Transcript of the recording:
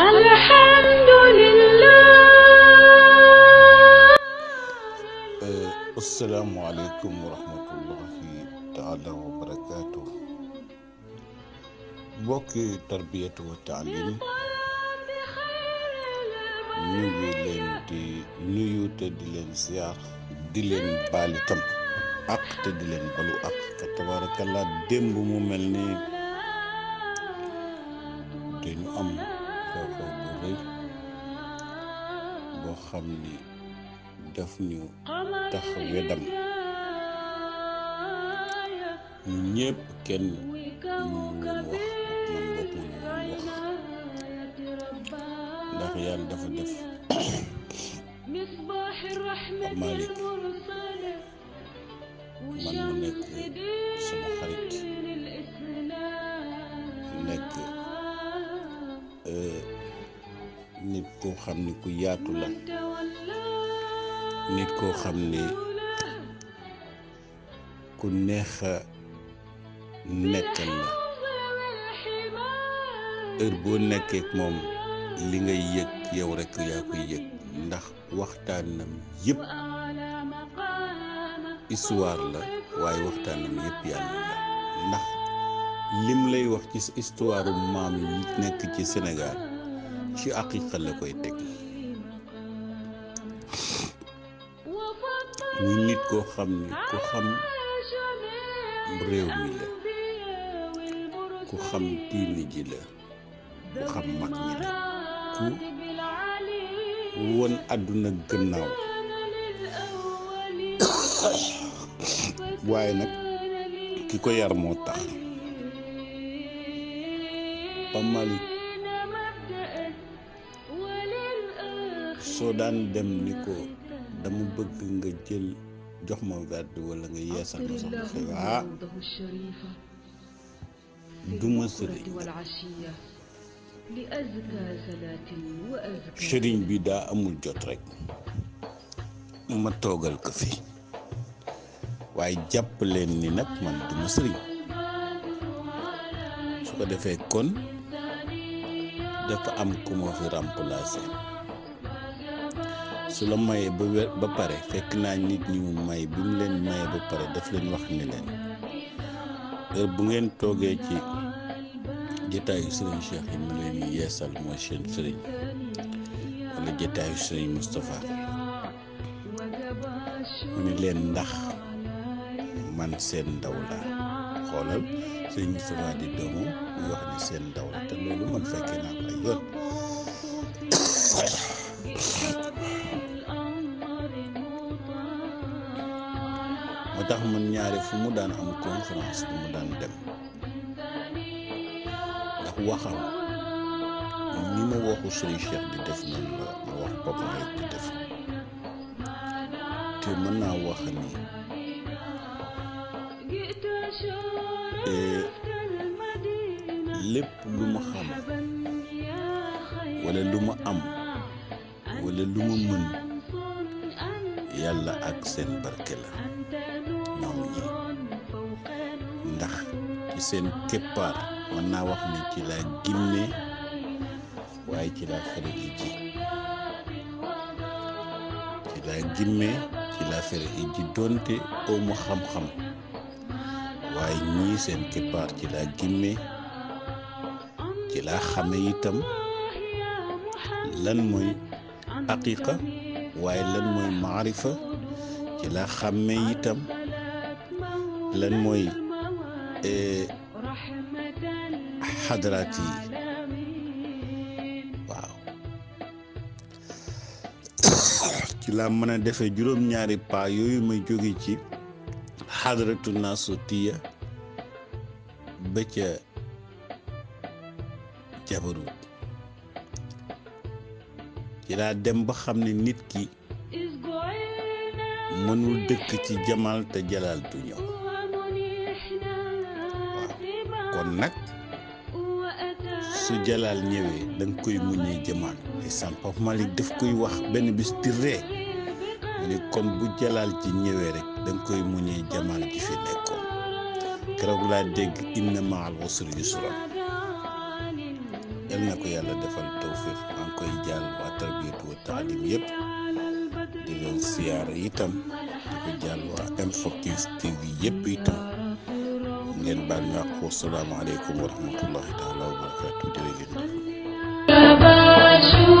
الحمد لله السلام عليكم ورحمة الله تعالى وبركاته بوكي تربية وتعليم نيو لين دي نيو تدي لين زيار دي لين بالتم اك تدي لين بلو اك تبارك الله ديمبو مو ملني دي نو امو xew-xew bu rëy boo xam ni daf ñu tax weddam ñu ñépp kenn mënul woon wax man bopp mënul woon wax ndax yàlla dafa def Pape Malick man mu nekk sama xarit nekk nit koo xam ne ku yaatu la nit koo xam ne ku neexa nekkal la heure boo nekkee moom li ngay yëg yow rekk yaa koy yëg ndax waxtaanam yëpp histoire la waaye waxtaanam yëpp yàlla la ndax lim lay wax ci histoire maam yi nekk ci Sénégal ci aqiqa la koy teg mu nit koo xam ni ku xam réew mi la ku xam diine la ku xam mag ñi la ku àdduna gannaaw waaye nag ki ko yar moo tax ba soo daan dem ni ko dama bëgg nga jël jox ma werd walla nga yeesal ma soxna si waa du ma sëriñ bi daa amul jot rek ma toogal ko fi waaye jàpp leen ni nag man du sëriñ su ko defee kon dafa am ku ma fi remplacer su la mayee ba wér ba pare fekk naa nit ñi mu may bi mu leen mayee ba pare daf leen wax ne leen heure bu ngeen toogee ci jotaayu sëriñ Cheikh yi mu leen yeesal mooy seen sëriñ wala jotaayu sëriñ Moustapha mu leen ndax man seen ndaw la xoolal sëriñ Moustapha di doomu muy wax ne seen ndaw la te loolu man fekkee naa ko ay tax man ñaare fu mu daan am conférence bu mu daan dem ndax waxam ni ma waxu sëriñ Cheikh di def noonu la ma wax Pape Malick di def te mën naa wax ni eh, lépp lu ma xam wala lu ma am wala lu ma mën yàlla ak seen barke la ndax ci seen képpaar mën naa wax ni ci laa gimmee waaye ci laa fere i ji ci laa gimmee ci laa fere i ji doonte amu xam-xam waaye ñii seen képpaar ci laa gimmee ci laa xame itam lan mooy aqiqa waaye lan mooy maarifa ci laa xàmmee itam lan mooy e, xadaraat yi waaw ci laa mën a defee juróom-ñaari paa yooyu may jóge ci xadaratu naasutiya ba ca jabarut ci laa dem ba xam ne nit ki mënul dëkk ci jamal te jalal du ñëw kon nag su jalaal ñëwee da koy muñee jëmaan ndeysaan Pape Malick daf koy wax benn bis di ree mu ne bu jalaal ci ñëwee rek da koy muñee jëmaan ji fi nekkoon keroog laa dégg inna ma'al usri yusra yal na ko yàlla defal tawfiq maa koy jàll waa tarbiyatu wa taalim yëpp di leen siyaare itam di ko jàll waa M4 TV yëpp itam ngeen baal ñu àq wassalaamu aleykum wa rahmatullahi taala wa barakaatu jërëjëf